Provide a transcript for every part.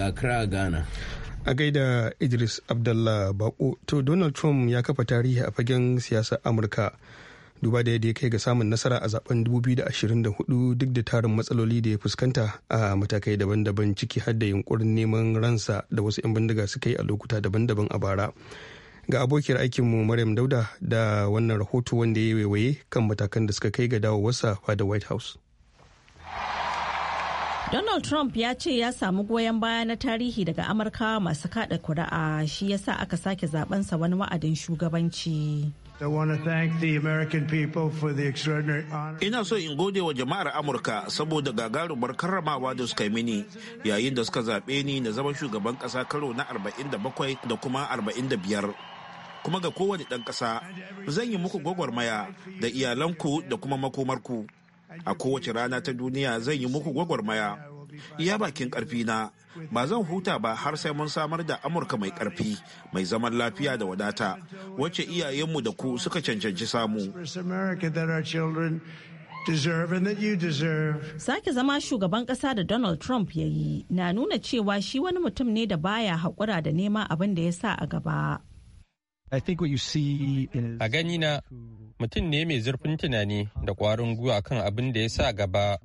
Accra, Ghana. A gaida Idris Abdallah Bako, to Donald Trump ya kafa tarihi a fagen siyasar Amurka. Duba da yadda ya kai ga samun nasara a zaben 2024 duk da tarin matsaloli da ya fuskanta a matakai daban-daban ciki har da yunkurin neman ransa da wasu 'yan bindiga suka yi a lokuta daban-daban a bara. Ga abokiyar aikinmu Maryam Dauda da wannan rahoto wanda ya yi waiwaye kan matakan da suka kai ga dawowarsa da White House. Donald Trump ya ce ya samu goyon baya na tarihi daga Amurka masu kada kuri'a shi ya sa aka sake zabensa wani wa'adin shugabanci. Ina so in gode wa jama'ar Amurka saboda gagarumar karramawa da suka mini yayin da suka zaɓe ni na zama shugaban ƙasa karo na 47 da kuma 45. Kuma ga kowane ɗan ƙasa zan yi muku gwagwarmaya da iyalanku da kuma makomarku. a kowace rana ta duniya zan yi muku gwagwarmaya iya bakin na ba zan huta ba har sai mun samar da amurka mai karfi mai zaman lafiya da wadata wacce iyayenmu da ku suka cancanci samu Sake zama shugaban kasa da Donald Trump ya yi na nuna cewa shi wani mutum ne da baya haƙura da nema abin da ya sa a gaba. A gani na mutum ne mai zurfin tunani da ƙwarin gwiwa kan abin da ya sa gaba.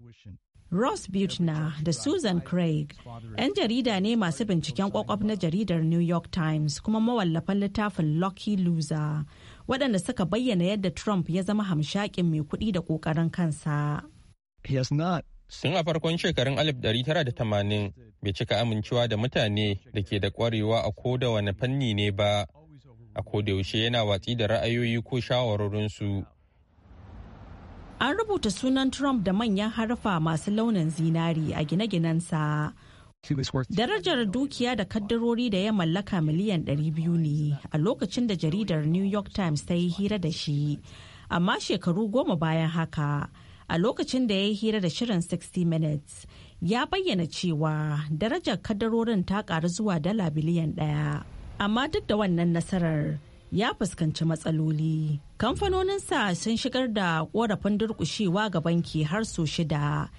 Ross buchner da Susan Craig, 'yan jarida ne masu binciken kwakwaf na jaridar New York Times kuma mawallafan littafin Lucky Loser, waɗanda suka bayyana yadda Trump ya zama hamshakin mai kuɗi da ƙoƙarin kansa. Sun a farkon shekarun 1980 bai cika amincewa da mutane da ke da ƙwarewa a ko da wani fanni ne ba. a kodayaushe yana watsi da ra'ayoyi ko shawarorinsu. An rubuta sunan Trump da manyan harfa masu launin zinari a gine-ginensa. Darajar dukiya da kaddarori da ya mallaka miliyan 200 ne a lokacin da jaridar New York Times ta yi hira da shi, amma shekaru goma bayan haka. a lokacin da ya yi hira da shirin 60 minutes ya bayyana cewa darajar kaddarorin ta karu zuwa dala biliyan daya. amma duk da wannan nasarar ya fuskanci matsaloli kamfanonin sa sun shigar da korafin durkushewa ga banki har so shida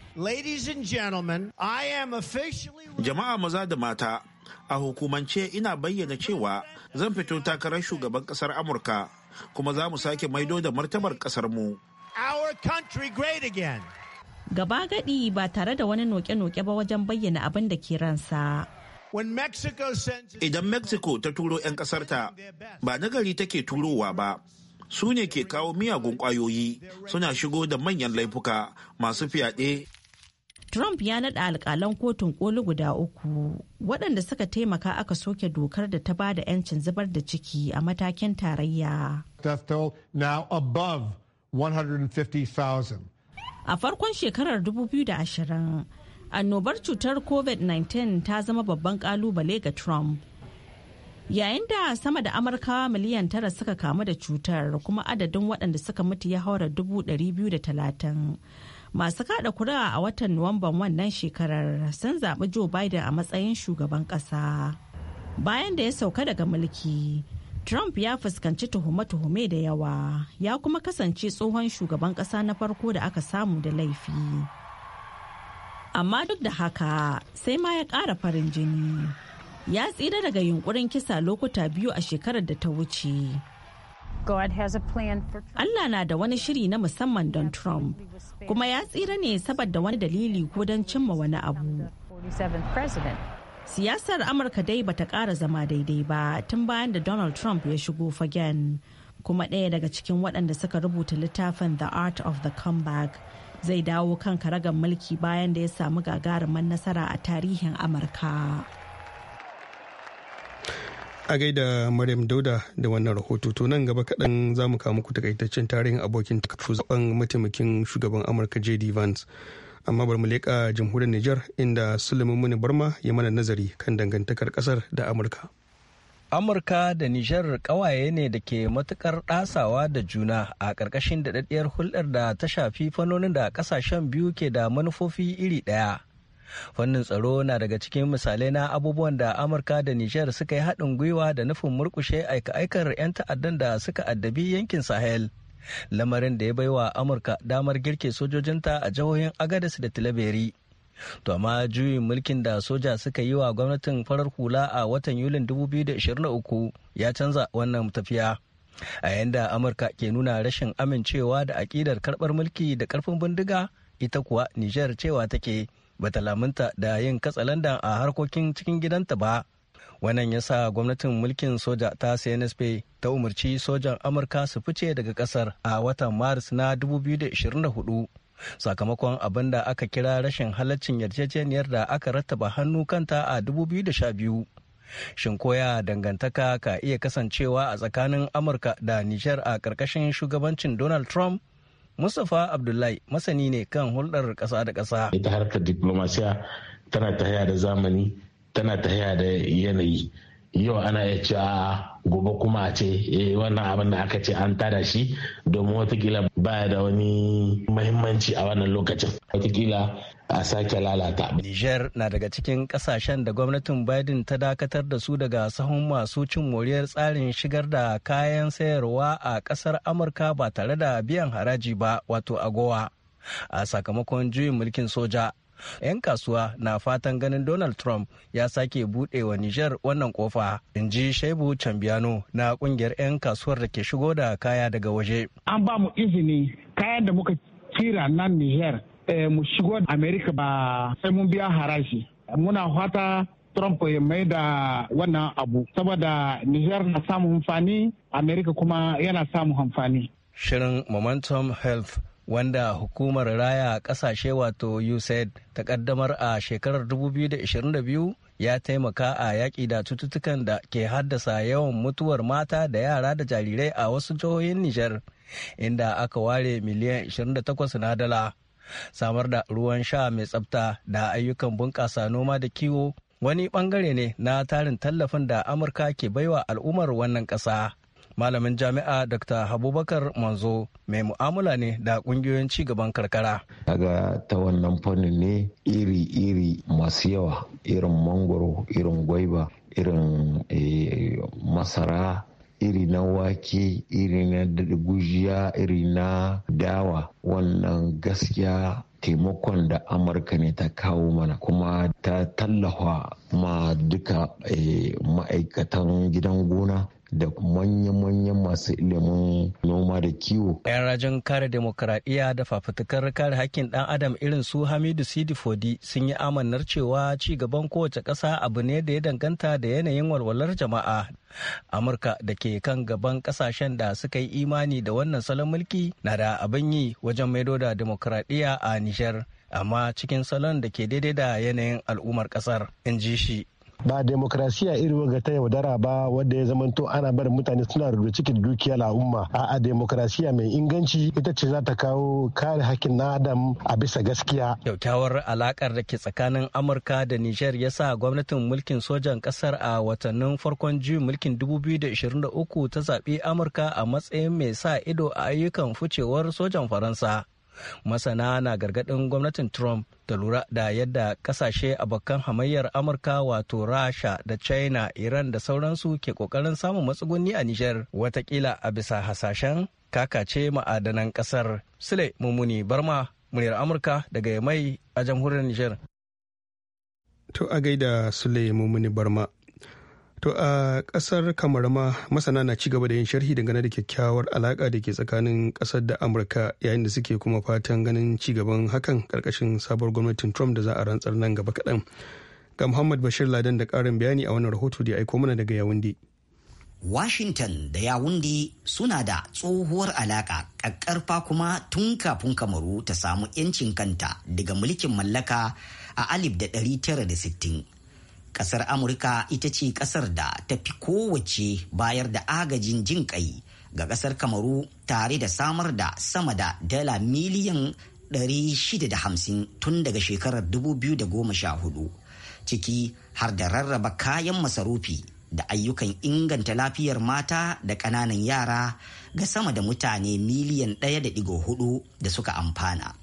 jama'a maza da mata a hukumance ina bayyana cewa zan fito takarar shugaban kasar amurka kuma za mu sake maido da martabar kasar mu gaba gadi ba tare da wani noke-noke ba wajen bayyana abin da ke ransa Idan Mexico ta turo 'yan ƙasarta ba nagari take turowa ba, su ne ke kawo miyagun ƙwayoyi suna shigo da manyan laifuka masu fyaɗe. Trump ya naɗa alƙalan kotun ƙoli guda uku waɗanda suka taimaka aka soke dokar da ta ba da 'yancin zubar da ciki a matakin tarayya. A farkon shekarar 2020 annobar cutar covid-19 ta zama babban kalubale ga trump yayin da sama da amurkawa miliyan tara suka kamu da cutar kuma adadin waɗanda suka mutu ya haura dubu ɗari biyu da talatin masu kaɗa kura a watan nuwamban wannan shekarar sun zaɓi joe biden a matsayin shugaban ƙasa bayan da ya sauka daga mulki trump ya fuskanci tuhume-tuhume da yawa ya kuma kasance tsohon shugaban ƙasa na farko da aka samu da laifi. amma duk da haka sai ma ya ƙara farin jini ya tsira daga yunkurin kisa lokuta biyu a shekarar da ta wuce Allah na da wani shiri na musamman don Trump kuma ya tsira ne saboda wani dalili ko don cimma wani abu siyasar amurka dai bata kara zama daidai ba tun bayan da donald trump ya shigo fagen kuma ɗaya daga cikin waɗanda suka rubuta littafin the art of the comeback zai dawo kan karagar mulki bayan da ya samu gagarumin nasara a tarihin amurka a gaida maryam dauda da wannan rahoto to nan gaba kaɗan za mu kawo muku takaitaccen tarihin abokin zaben mataimakin shugaban amurka jd vance amma bari mu leƙa jamhuriyar niger inda sulaiman muni barma ya mana nazari kan dangantakar ƙasar da amurka amurka da nijar kawaye ne da ke matukar ɗasawa da juna a ƙarƙashin daɗaɗɗiyar hulɗar da ta shafi fannonin da ƙasashen biyu ke da manufofi iri ɗaya fannin tsaro na daga cikin misalai na abubuwan da amurka da nijar suka yi haɗin gwiwa da nufin murkushe aika-aikar 'yan ta'addan da suka addabi yankin sahel lamarin da ya baiwa amurka damar girke sojojinta a jihohin agadas da tilaberi To amma juyin mulkin da soja suka yi wa gwamnatin farar hula a watan Yulin 2023 ya canza wannan tafiya. A yanda Amurka ke nuna rashin amincewa da aƙidar karɓar mulki da karfin bindiga ita kuwa Nijar cewa take bata lamunta da yin katsalandan a harkokin cikin gidanta ba. Wannan ya sa gwamnatin mulkin soja ta CNSP ta umarci sojan Amurka su fice daga ƙasar a watan Maris na 2024. sakamakon abin da aka kira rashin halaccin yarjejeniyar da aka rattaba hannu kanta a 2012 shin koya dangantaka ka iya kasancewa a tsakanin amurka da nijar a ƙarƙashin shugabancin donald trump mustapha abdullahi masani ne kan hulɗar ƙasa da ƙasa ita harkar diplomasiya tana ta da zamani tana ta da yanayi yau ana iya cewa gobe kuma a ce eh, wannan abin da aka ce an tada shi domin watakila ba da wani mahimmanci a wannan lokacin watakila a sake lalata. Niger na daga cikin kasashen da gwamnatin Biden ta dakatar da su daga sahun masu cin moriyar tsarin shigar da kayan sayarwa a kasar Amurka ba tare da biyan haraji ba wato agowa. A sakamakon juyin mulkin soja 'Yan kasuwa na fatan ganin Donald Trump ya sake buɗe wa Nijar wannan kofa, in ji Shaibu Cambiano na ƙungiyar 'yan kasuwar da ke shigo da kaya daga waje. An ba mu izini kayan da muka kira nan Nijar eh, mu shigo da Amerika ba sai mun biya haraji. Muna fata Trump ya mai da wannan abu saboda Nijar na samun amfani, Amerika kuma yana samun amfani. Shirin Momentum Health wanda hukumar raya ƙasashe wato USAID ta ƙaddamar a shekarar 2022 ya taimaka a yaƙi da cututtukan da ke haddasa yawan mutuwar mata da yara da jarirai a wasu jihohin Nijar, inda aka ware miliyan 28 na dala. Samar da ruwan sha mai tsabta da ayyukan bunƙasa noma da kiwo wani ɓangare ne na tarin tallafin da Amurka ke baiwa al'ummar wannan ƙasa. malamin jami'a dr habubakar manzo mai mu'amala ne da kungiyoyin cigaban karkara daga ta wannan fannin ne iri-iri masu yawa irin mangoro irin gwaiba irin eh, masara iri na wake iri na gujiya iri na dawa wannan gaskiya taimakon da amurka ne ta kawo mana kuma ta tallafa ma duka eh, ma'aikatan gidan gona da manya-manyan masu ilimin noma da kiwo. 'Yan rajin kare demokradiyya da fafutukar kare hakkin ɗan adam irin su Hamidu Sidi Fodi sun yi amannar cewa ci gaban kowace ƙasa abu ne da ya danganta da yanayin walwalar jama'a. Amurka da ke kan gaban ƙasashen da suka yi imani da wannan salon mulki na da abin yi wajen maido da demokradiyya a Nijar. amma cikin salon da ke daidai da yanayin al'ummar ƙasar. in ji shi ba demokrasiya irin ga ta yaudara ba wadda ya zamanto ana barin mutane suna rubuta cikin dukiyar al'umma a'a demokrasiya mai inganci ita ce za ta kawo kare hakkin na adam a bisa gaskiya kyakkyawar alakar da ke tsakanin amurka da niger ya sa gwamnatin mulkin sojan kasar a watannin farkon juyin mulkin 2023 ta zaɓi amurka a matsayin mai sa ido a ayyukan ficewar sojan faransa masana na gargadin gwamnatin trump ta lura da yadda kasashe abokan hamayyar amurka wato rasha da china iran da sauransu ke kokarin samun matsuguni a niger watakila a bisa hasashen kakace ma'adanan kasar sule mummuni barma muryar amurka daga mai a jamhuriyar niger to a gaida sule mummuni barma To a kasar kamar ma masana na ci gaba da yin sharhi dangane da kyakkyawar alaka da ke tsakanin kasar da Amurka yayin da suke kuma fatan ganin ci gaban hakan karkashin sabuwar gwamnatin Trump da za a rantsar nan gaba kaɗan. Ga Muhammad Bashir Ladan da karin bayani a wannan rahoto da ya aiko mana daga Yawundi. Washington da Yawundi suna da tsohuwar alaka ƙaƙƙarfa kuma tun kafin Kamaru ta samu 'yancin kanta daga mulkin mallaka a 1960. Kasar Amurka ita ce kasar da ta fi kowace bayar da agajin jin kai ga kasar Kamaru tare da samar da sama da dala miliyan 650 tun daga shekarar 2014 ciki har da rarraba kayan masarufi da ayyukan inganta lafiyar mata da ƙananan yara ga sama da mutane miliyan 1.4 da suka amfana.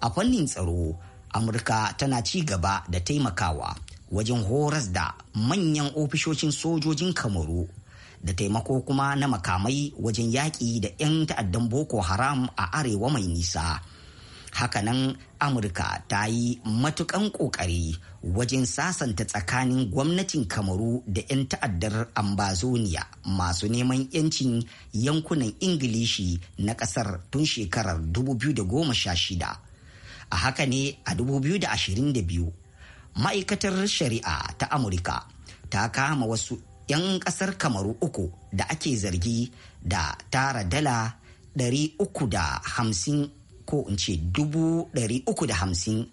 A fannin tsaro, Amurka tana ci gaba da taimakawa. wajen horas da manyan ofishoshin sojojin kamaru da taimako kuma na makamai wajen yaƙi da 'yan ta'addan boko haram a arewa mai nisa hakanan amurka ta yi matukan ƙoƙari wajen sasanta tsakanin gwamnatin kamaru da 'yan ta'addar ambazonia. masu neman 'yancin yankunan ingilishi na ƙasar tun shekarar 2016 a haka ne a 2022 ma'aikatar shari'a ta amurka ta kama wasu 'yan kasar kamaru uku da ake zargi da tara dala 350 ko in ce 350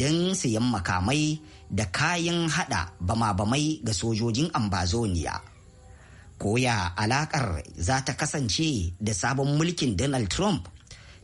don sayan makamai da kayan hada bama-bamai ga sojojin ambazoniya koya alakar za ta kasance da sabon mulkin donald trump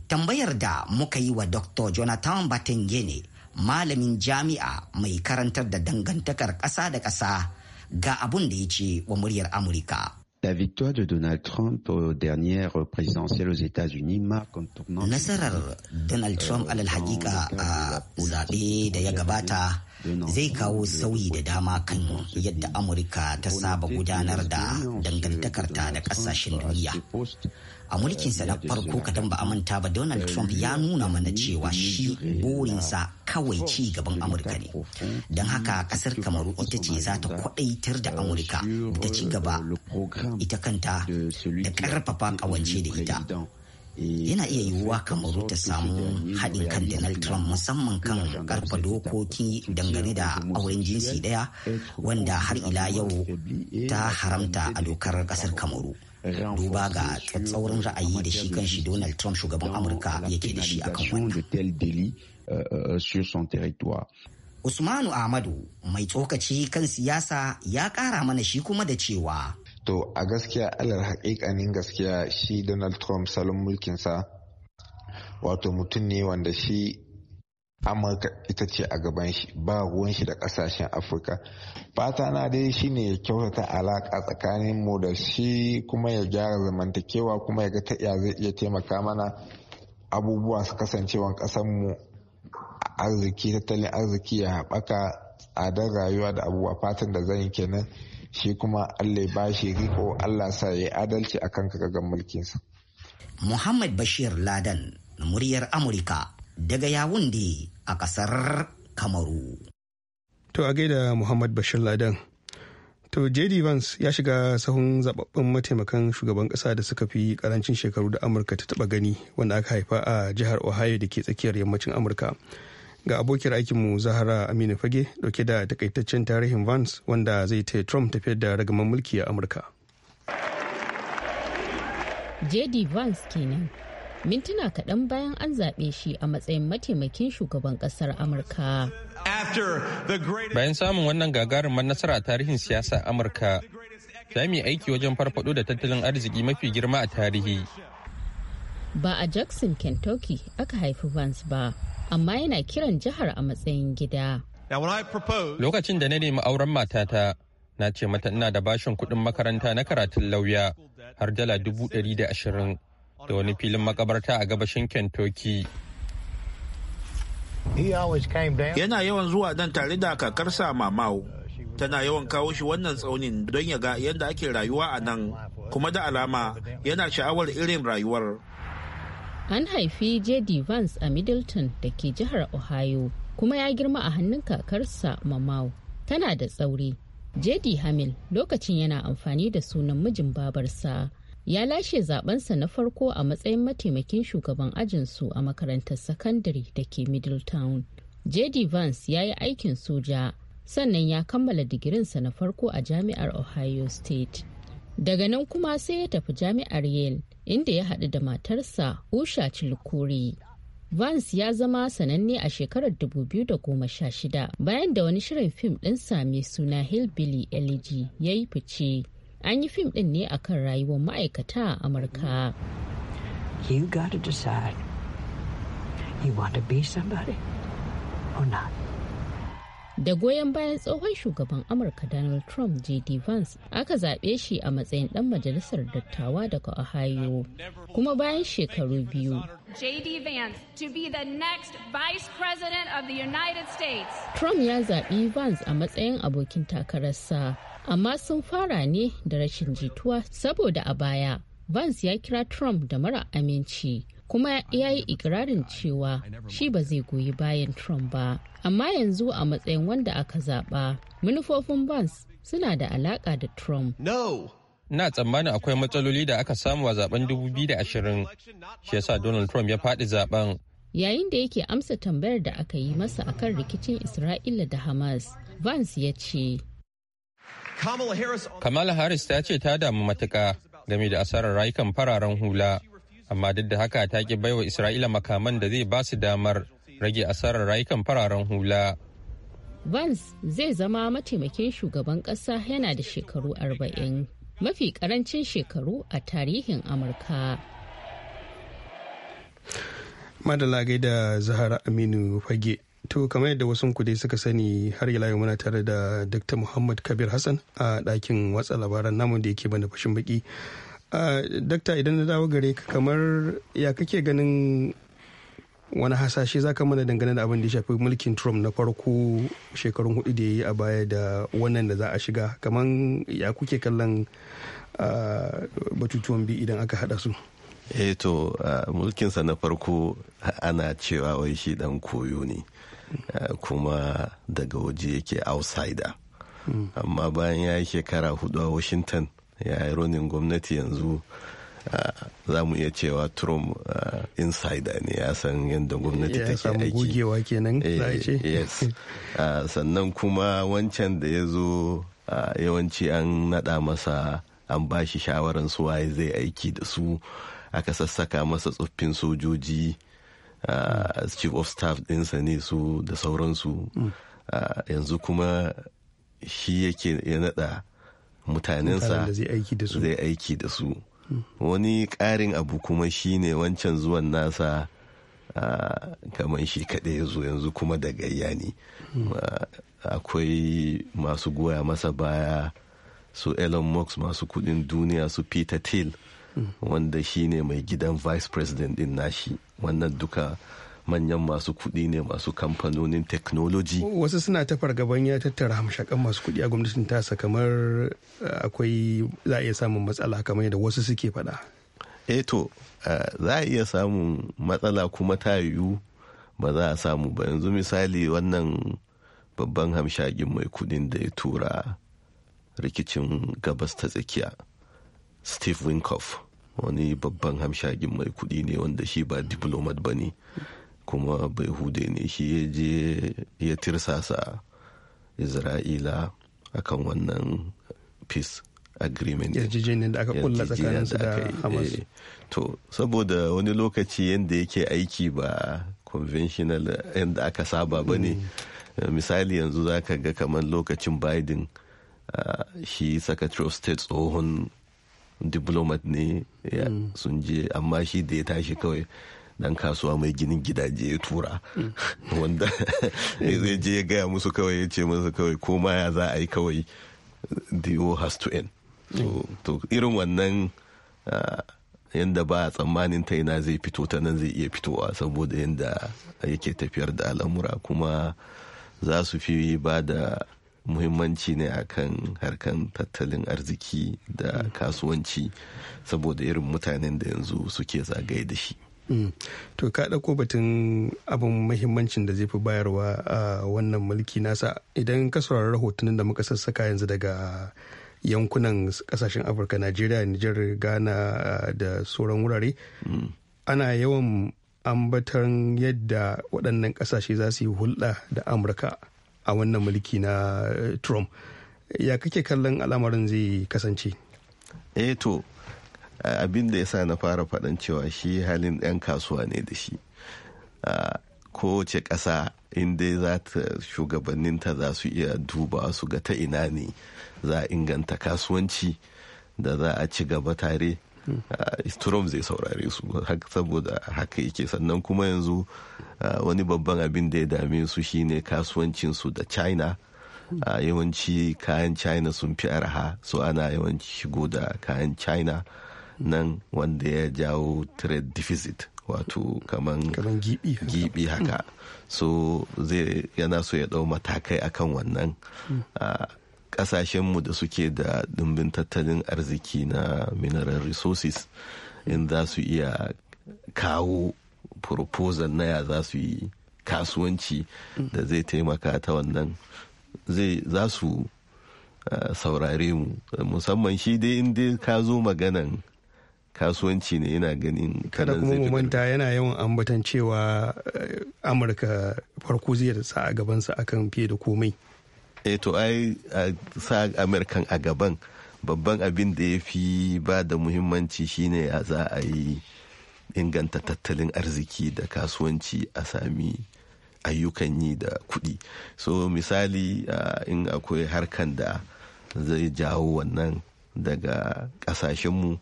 tambayar da muka yi wa dr jonathan Batten batengene malamin jami'a mai karantar da dangantakar ƙasa da ƙasa ga abun da ya ce wa muryar Amurka. La victoire de Donald Trump aux dernières présidentielles aux États-Unis marque un tournant. Nasarar Donald Trump alal hakika a zaɓe da ya gabata zai kawo sauyi da dama kan yadda amurka ta saba gudanar da dangantakarta da kasashen duniya a mulkinsa na farko kadan ba manta ba donald trump ya nuna mana cewa shi burinsa kawai ci gaban amurka ne don haka kasar kamaru ita ce za ta kwadaitar da amurka da ci gaba ita kanta da karfafa kawance da ita Eh, yana iya yiwuwa kamaru ta samu haɗin kan donald trump musamman kan karfa dokoki dangane da auren jinsi ɗaya wanda har ila yau ta haramta a dokar ƙasar kamaru duba ga tsatsauran ra'ayi da shi kan shi donald trump shugaban amurka yake da shi kan wannan euh, euh, usmanu ahmadu mai tsokaci kan siyasa ya ƙara mana shi kuma da cewa to a gaskiya alar haƙiƙanin gaskiya shi donald trump salon mulkinsa wato mutum ne wanda shi amurka ita ce a gaban shi ba ruwan shi da ƙasashen afirka fata na dai shine ya kyautata alaƙa tsakanin mu da shi kuma ya gyara zamantakewa kuma ya ga ta zai iya taimaka mana abubuwa su kasancewan kasan mu arziki tattalin arziki ya haɓaka tsadar rayuwa da abubuwa fatan da zan kenan shi kuma Allah ya bashi riko Allah sa ya adalci a akan kagagan mulkinsa. Muhammad Bashir Ladan muryar Amurka daga Yawunde a kasar Kamaru. To a gaida Muhammad Bashir Ladan. To JD Vance ya shiga sahun zababben mataimakan shugaban kasa da suka fi karancin shekaru da Amurka ta taba gani wanda aka haifa a jihar Ohio da ke tsakiyar yammacin Amurka. ga abokiyar aikinmu zahara aminu fage dauke da takaitaccen tarihin vance wanda zai taya trump tafiyar da ragaman mulki a amurka jd vance kenan mintuna kaɗan bayan an zaɓe shi a matsayin mataimakin shugaban ƙasar amurka bayan samun wannan gagarumar nasara a tarihin siyasa amurka sami aiki wajen farfado da tattalin arziki mafi girma a tarihi ba a jackson kentucky aka haifi vance ba amma yana kiran jihar a matsayin gida. Lokacin da na nemi auren matata, na ce mata ina da bashin kuɗin makaranta na karatun lauya har dala dubu ɗari da ashirin da wani filin makabarta a gabashin Kentucky. Yana yawan zuwa nan tare da kakarsa mamau. Tana yawan kawo shi wannan tsaunin don ya ga yadda ake rayuwa a nan, kuma da alama yana sha'awar irin rayuwar. An haifi J.D. Vance a Middleton da ke jihar Ohio kuma ya girma a hannun kakarsa Mamau. Tana da tsauri. J.D. Hamil lokacin yana amfani da sunan mijin babarsa. Ya lashe zabensa na farko a matsayin mataimakin shugaban ajinsu a makarantar sakandare da ke Middletown. J.D. Vance ya yi aikin soja, sannan ya kammala digirinsa na farko a jami'ar Ohio State. Daga nan kuma sai ya tafi jami'ar Yale. inda ya haɗu da matarsa usha cilkuri Vance ya zama sananne a shekarar 2016 bayan da wani shirin fim ɗin mai suna Hillbilly Elegy ya yi fice. An yi fim ɗin ne akan rayuwar ma'aikata a Amurka. You gotta decide you want to be somebody or not. da goyon bayan tsohon shugaban amurka donald trump jd vance aka zaɓe shi a matsayin ɗan majalisar dattawa daga ohio kuma bayan shekaru biyu jd vance to be the next vice president of the united states trump ya zaɓi vance a matsayin abokin takararsa amma sun fara ne da rashin jituwa saboda a baya vance ya kira trump da mara aminci kuma ya yi ikirarin cewa shi ba zai goyi bayan Trump ba. Amma yanzu a matsayin wanda aka zaɓa, manufofin Vance suna da alaƙa da Trump. Na tsammanin akwai matsaloli da aka samu a zaben 2020, shi yasa Donald Trump ya faɗi zaben. Yayin da yake amsa tambayar da aka yi masa a kan rikicin Isra'ila da Hamas, Vance ya ce. Kamala Harris ta ce ta damu matuka game da asarar rayukan fararen hula. amma duk da haka ta ki baiwa isra'ila makaman da zai ba su damar rage asarar rayukan fararen hula vance zai zama mataimakin shugaban ƙasa yana da shekaru 40 mafi karancin shekaru a tarihin amurka madala gaida zahara aminu fage to kamar yadda wasu kudai suka sani har yi yau muna tare da dr muhammad kabir hassan a ɗakin watsa labaran namun da yake bane fashin baki dakta idan na dawo gare ka kamar ya kake ganin wani hasashe za ka mana dangane da abin da ya shafi mulkin trump na farko shekarun hudu da ya yi a baya da wannan da za a shiga kamar ya kuke kallon batutuwan bi idan aka hada su eh to mulkinsa na farko ana cewa wai shi dan koyo ne kuma daga waje yake outsider hmm. amma bayan ya yi shekara hudu a washington ya yi ronin gwamnati yanzu za mu iya cewa trump insider ne ya san yadda gwamnati take aiki ya gugewa kenan eh, ce yes sannan kuma wancan da ya zo yawanci an nada masa an ba shi shawaran su waye zai aiki da su aka sassaka masa tsoffin sojoji chief of staff dinsa ne su da sauransu mm. yanzu kuma shi yake ya nada mutanensa zai aiki da su hmm. wani ƙarin abu kuma shine wancan zuwan nasa kamar shi kaɗai ya zo yanzu kuma da gayya hmm. akwai masu goya masa baya su elon musk masu kudin duniya su peter thiel hmm. wanda shine mai gidan vice president din nashi wannan duka manyan masu kuɗi ne masu kamfanonin technology wasu suna ta fargaban ya tattara hamshakan masu kuɗi a gwamnatin tasa kamar eh, akwai za a iya samun matsala kamar yadda wasu suke faɗa eh to eh, za a iya samun matsala kuma ta yiwu ba za a samu ba yanzu misali wannan babban hamshakin mai kuɗin da ya tura rikicin gabas ta tsakiya steve winkoff wani babban hamshakin mai kuɗi ne wanda shi ba diplomat ba ne kuma bai hude ne shi ya je ya tirsasa isra'ila akan wannan peace agreement da aka kulla su da hamas eh, to saboda wani lokaci yadda yake aiki ba conventional yadda aka saba ba ne hmm. misali yanzu za ka ga kamar lokacin biden shi secretary of state tsohon diplomat ne hmm. sun je amma shi da ya tashi kawai dan kasuwa mai ginin gidaje ya tura wanda zai je ya gaya musu kawai ya ce musu kawai ko ma ya za a yi kawai the war has to end to irin wannan yadda ba a tsammanin ta ina zai fito ta nan zai iya fitowa saboda yadda yake tafiyar da al'amura kuma za su fi ba da muhimmanci ne akan harkan tattalin arziki da kasuwanci saboda irin mutanen da yanzu suke zagaye da shi Mm. to ka ɗauko batun abin mahimmancin da zai fi bayarwa a wannan mulki nasa idan ka saurari rahotannin da muka sassaka yanzu daga yankunan kasashen afirka najeriya niger ghana ah, da sauran wurare mm. ana yawan ambatan yadda waɗannan ƙasashe za su yi hulɗa da amurka a wannan mulki na eh, trump ya kake kallon al'amarin zai kasance eh to abin da ya sa na fara faɗan cewa shi halin 'yan kasuwa ne da shi kowace ƙasa inda za ta shugabanninta za su iya duba su ga ta ina ne za a inganta kasuwanci da za a ci gaba tare Trump zai saurare su saboda haka yake sannan kuma yanzu wani babban abin da ya dame su shine kasuwancinsu da china yawanci kayan china sun fi arha so ana yawanci shigo da kayan china nan wanda ya jawo trade deficit wato kaman gibi haka hmm. so zai yana so ya dau matakai akan wannan kasashenmu hmm. da suke da dimbin tattalin arziki na mineral resources hmm. in za su iya kawo proposal na ya za su yi kasuwanci da zai taimaka ta wannan zai za su saurare mu musamman shi dai inda ka zo maganan kasuwanci ne yana ganin kada kuma mu manta yana yawan ambatan cewa eh, amurka farko zai da sa a gabansa akan fiye da komai eh to ai sa amurkan a gaban babban abin da ya fi ba da muhimmanci shine a za a yi inganta tattalin arziki da kasuwanci a sami ayyukan yi da kuɗi so misali in akwai harkan da zai jawo wannan daga ƙasashenmu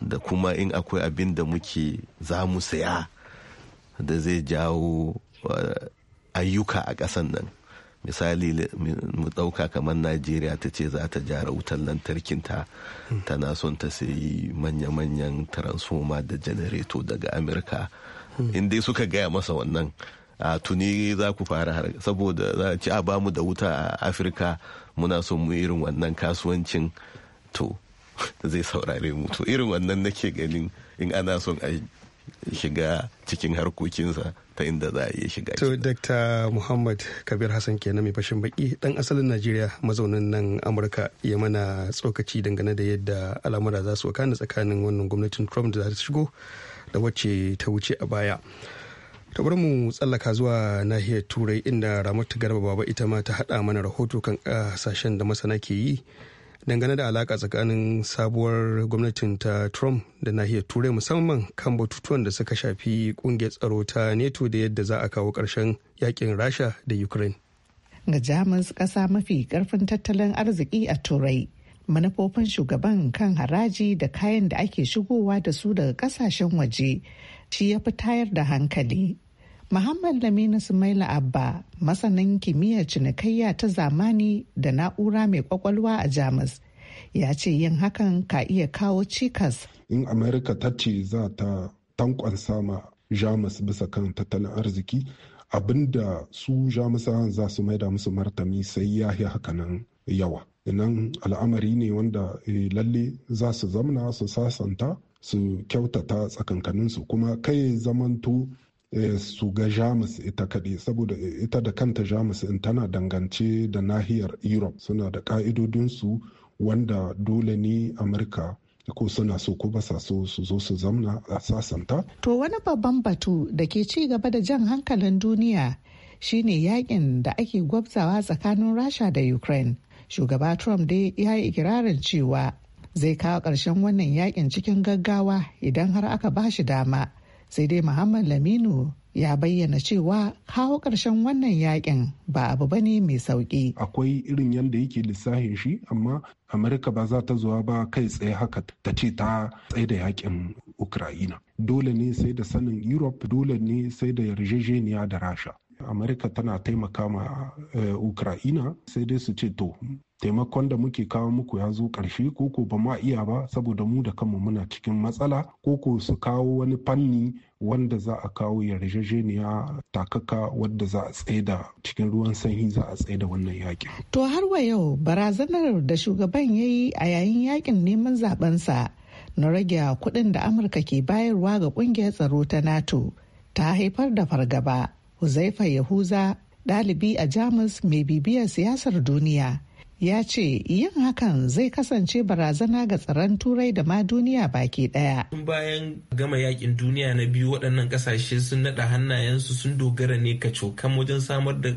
da kuma in akwai abin da muke za mu saya da zai jawo eh, ayyuka a ƙasan nan misali mu ɗauka kamar najeriya ta ce za ta jara wutar lantarkinta tana son ta sayi manya-manyan transformer da janareto daga amurka hmm. in dai suka gaya masa wannan a tuni za ku fara har saboda za a ci a bamu da wuta a afirka muna son mu irin wannan kasuwancin to da zai saurare mu to irin wannan nake ganin in ana son a shiga cikin harkokinsa ta inda za a iya shiga. To, Dr. Muhammad Kabir Hassan kenan mai fashin baki dan asalin Najeriya mazaunin nan Amurka ya mana tsokaci dangane da yadda al'amura za su wakana tsakanin wannan gwamnatin Trump da za ta shigo da wacce ta wuce a baya. ta bari mu tsallaka zuwa nahiyar turai inda ramatu garba baba ita ma ta hada mana rahoto kan kasashen da masana ke yi dangane da alaka tsakanin sabuwar gwamnatin ta trump da nahiyar turai musamman kan batutuwan da suka shafi kungiyar tsaro ta neto da yadda za a kawo ƙarshen yakin rasha da ukraine ga jamus ƙasa mafi ƙarfin tattalin arziki a turai manufofin shugaban kan haraji da kayan da ake shigowa da su daga ƙasashen waje shi ya fi tayar da hankali Muhammad Lamina Sumaila Abba masanin kimiyyar cinikayya ta zamani da na'ura mai kwakwalwa a Jamus ya ce yin hakan ka iya kawo cikas. In Amerika ta ce za ta tankon sama Jamus bisa kan tattalin arziki abinda su Jamus za su maida musu martami sai ya yi hakanan yawa. inan al'amari ne wanda eh, lalle za su zamna su sasanta su kyautata tsakankaninsu kuma kai zamanto Eh, su ga jamus ita kaɗai saboda ita da kanta jamus in tana dangance da nahiyar europe suna da ƙa'idodinsu wanda dole ne amurka ko suna so ko ba sa so su zo su zamna a sasanta. To wani babban batu da ke ci gaba da jan hankalin duniya shine yakin da ake gwabzawa tsakanin Rasha da Ukraine. Shugaba Trump dai ya yi ikirarin cewa zai kawo ƙarshen wannan yakin cikin gaggawa idan har aka ba shi dama. sai dai muhammad laminu ya bayyana cewa kawo ƙarshen wannan yakin ba abu bane mai sauƙi. akwai irin yadda yake lissahin shi amma amurka ba za ta zuwa ba kai tsaye haka ta ce ta tsaye da yakin ukraina dole ne sai da sanin europe dole ne sai da yarjejeniya da rasha amurka tana taimaka ma eh, ukraina sai dai su ce to taimakon da muke kawo muku ya zo ƙarshe koko ba ma iya ba saboda mu da kanmu muna cikin matsala ko ko su kawo wani fanni wanda za a kawo yarjejeniya takaka wadda za a tsaida cikin ruwan sanyi za a da wannan yakin. To har wa yau barazanar da shugaban ya yi a yayin yakin neman zabensa na rage kuɗin da Amurka ke bayarwa ga ƙungiyar tsaro ta NATO ta haifar da fargaba. Huzaifa Yahuza ɗalibi a Jamus mai bibiyar siyasar duniya ya ce yin hakan zai kasance barazana ga tsaron turai da ma duniya baki daya. bayan gama yakin duniya na biyu waɗannan ƙasashe sun naɗa hannayensu sun dogara ne ka cokan wajen samar da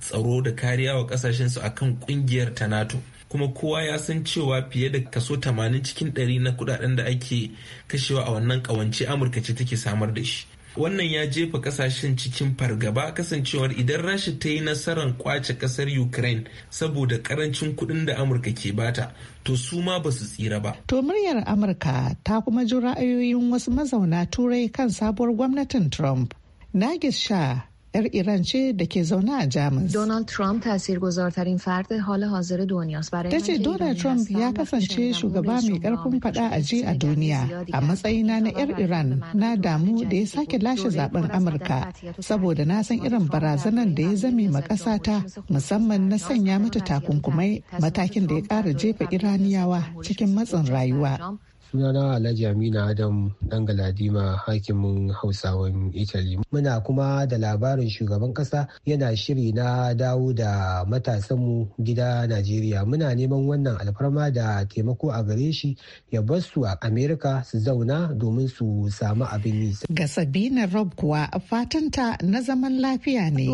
tsaro da kariya wa ƙasashensu kan ƙungiyar ta nato kuma kowa ya san cewa fiye da kaso 80 cikin 100 na kuɗaɗen da ake kashewa a wannan ƙawance amurka ce take samar da shi wannan ya jefa kasashen cikin fargaba kasancewar idan rasha ta yi nasarar kwace kasar ukraine saboda karancin kuɗin da amurka ke bata to su ma ba su tsira ba to muryar amurka ta kuma ji ra'ayoyin wasu mazauna turai kan sabuwar gwamnatin trump nagis sha 'yar Iran ce da ke zauna a Jamus. Donald Trump tasirguzartarin فرد حال حاضر دنیاست برای tace Donald Trump ya kasance shugaba mai karfin fada a ji a duniya a matsayina na 'yar Iran na damu da ya sake lashe zaben Amurka saboda na san irin barazanan da ya zame ma kasata musamman na sanya mata takunkumai matakin da ya kara jefa Iraniyawa cikin matsin rayuwa sunana alhaji amina adam dan galadima hakimin hausawan italy muna kuma da labarin shugaban kasa yana shiri na dawo da matasanmu gida najeriya muna neman wannan alfarma da taimako a gare shi ya bar su a america su zauna domin su samu abin yi ga sabina rob kuwa fatanta na zaman lafiya ne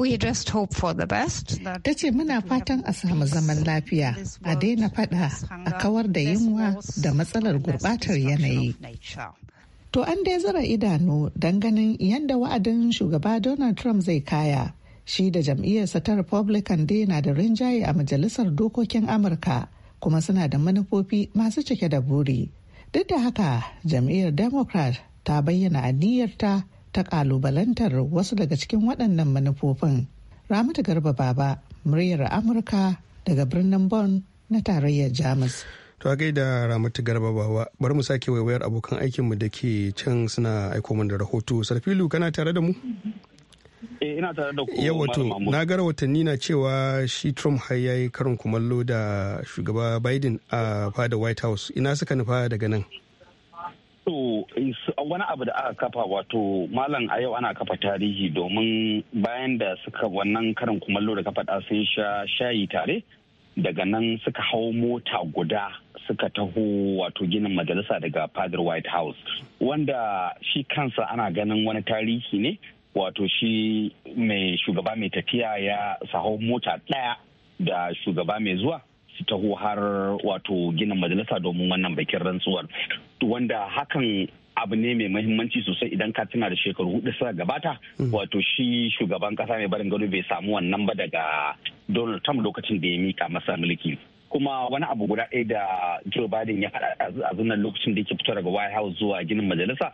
ta ce muna fatan a samu zaman lafiya a daina fada a kawar da yunwa da matsalar gurɓata gurbatar yanayi. To an dai zara idanu don ganin yadda wa'adin shugaba Donald Trump zai kaya. Shi da jam'iyyarsa ta Republican dai na da rinjaye a majalisar dokokin Amurka kuma suna da manufofi masu cike da buri. Duk da haka jam'iyyar Democrat ta bayyana aniyarta ta kalubalantar wasu daga cikin waɗannan manufofin. Ramatu Garba Baba, muryar Amurka daga birnin Bon na tarayyar Jamus. To a gaida Ramatu bawa bari mu sake waiwayar abokan mu da ke can suna aiko mana da rahoto. Sarfilu kana tare da mu? Eh ina tare na na cewa shi Trump har ya yi karin kumallo da shugaba Biden a fada White House. Ina suka nufa daga nan? To wani abu da aka kafa wato malam a yau ana kafa tarihi domin bayan da suka wannan karin kumallo da kafa sun sha shayi tare daga nan suka hau mota guda suka taho wato ginin majalisa daga fadar white house wanda shi kansa ana ganin wani tarihi ne wato shi mai shugaba mai tafiya ya sahau mota ɗaya da shugaba mai zuwa su taho har wato ginin majalisa domin wannan bikin rantsuwar wanda hakan abu ne mai mahimmanci sosai idan ka tuna da shekaru hudu suka gabata mm. wato shi shugaban kasa mai barin gado bai samu wannan ba daga donald trump lokacin da ya mika masa mulki kuma wani abu guda ɗaya da joe biden ya faɗa a zunan lokacin da yake fito daga white house zuwa ginin majalisa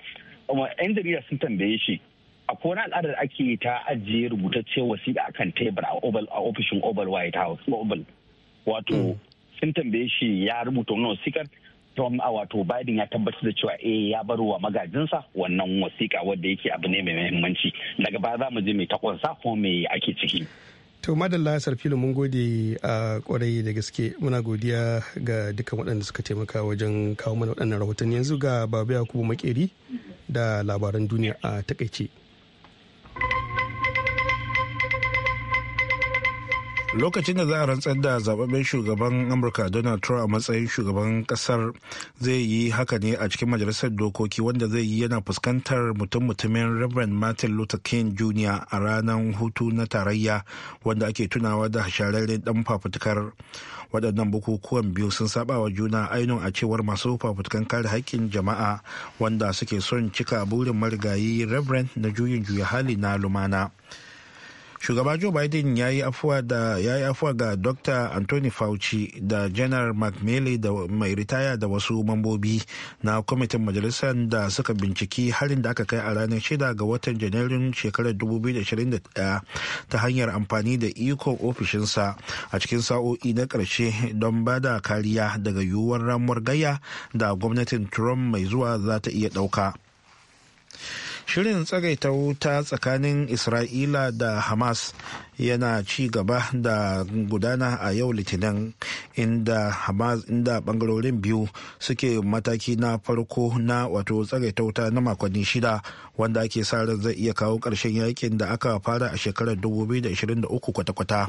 Kuma yan jarida sun tambaye shi a wani al'adar ake ta ajiye rubutacciyar wasiƙa kan tebur a ofishin oval white house wato mm. sun tambaye shi ya rubuta wannan wasikar Tom a wato Biden ya tabbatar da cewa eh ya bar wa magajinsa wannan wasiƙa wadda yake abu ne mai mahimmanci daga baya za mu je mai takwansa ko me ake ciki. To madalla filin mun gode a kwarai da gaske muna godiya ga dukkan waɗanda suka taimaka wajen kawo mana waɗannan rahoton yanzu ga babu ya yakubu makeri da labaran duniya a takaice. lokacin da za a rantsar da zababben shugaban amurka donald trump a matsayin shugaban kasar zai yi haka ne a cikin majalisar dokoki wanda zai yi yana fuskantar mutum-mutumin reverend martin luther king jr a ranar hutu na tarayya wanda ake tunawa da hashararren dan fafutukar waɗannan bukukuwan biyu sun saba wa juna ainihin a cewar masu fafutukan kare haƙƙin jama'a wanda suke son cika burin marigayi reverend na juyin juya hali na lumana. shugaba joe biden ya yi afuwa ga dr anthony fauci da janar mcmillan da mai ritaya da wasu mambobi na kwamitin majalisar da suka binciki harin da aka kai a ranar 6 ga watan janairun shekarar 2021 ta hanyar amfani da iko ofishinsa a cikin sa'o'i na karshe don ba da kariya daga yiwuwar ramuwar gayya da gwamnatin trump mai zuwa za ta iya ɗauka. shirin tsagaita wuta tsakanin isra'ila da hamas yana ci gaba da gudana a yau litinin inda bangarorin biyu suke mataki na farko na wato tsare na makonni shida wanda ake sa ran zai iya kawo ƙarshen yakin da aka fara a shekarar 2023 kwata-kwata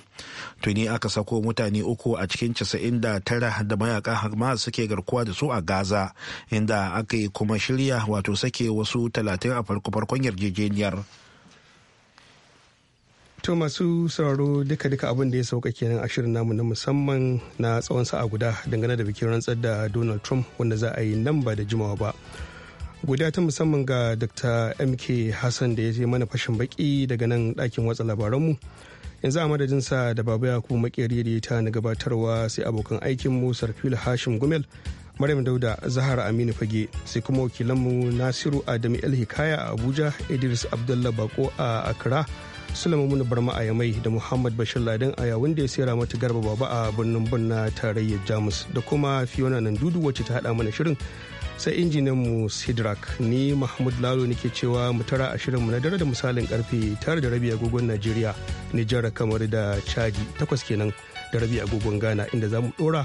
tuni aka sako mutane uku a cikin 99 da mayaka hamas suke garkuwa da su a gaza inda aka yi kuma shirya wato sake wasu 30 a farko-farkon yarjejeniyar To masu sauraro duka-duka abin da ya sauka kenan a shirin namu na musamman na tsawon sa'a guda dangane da bikin rantsar da Donald Trump wanda za a yi nan ba da jimawa ba. Guda ta musamman ga Dr. MK Hassan da ya sai mana fashin baki daga nan ɗakin watsa labaranmu. Yanzu a madadin sa da baba yakubu makeri da ya ta na gabatarwa sai abokan aikin mu Sarfil Hashim Gumel, Maryam Dauda, Zahara Aminu Fage, sai kuma wakilanmu Nasiru Adamu El Hikaya a Abuja, Idris Abdullah Bako a Accra. Sulaiman Barma a Yamai da Muhammad Bashir ladin a yawun da ya sera mata garba baba a birnin Bunna tarayyar Jamus da kuma Fiona dudu wacce ta hada mana shirin sai injinan mu Sidrak ni Mahmud Lalo nake cewa mu tara a shirin mu na dare da misalin karfe tara da rabi agogon Najeriya Nijar kamar da Chadi takwas kenan da rabi agogon Ghana inda za mu ɗora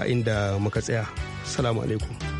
a inda muka tsaya. Salamu alaikum.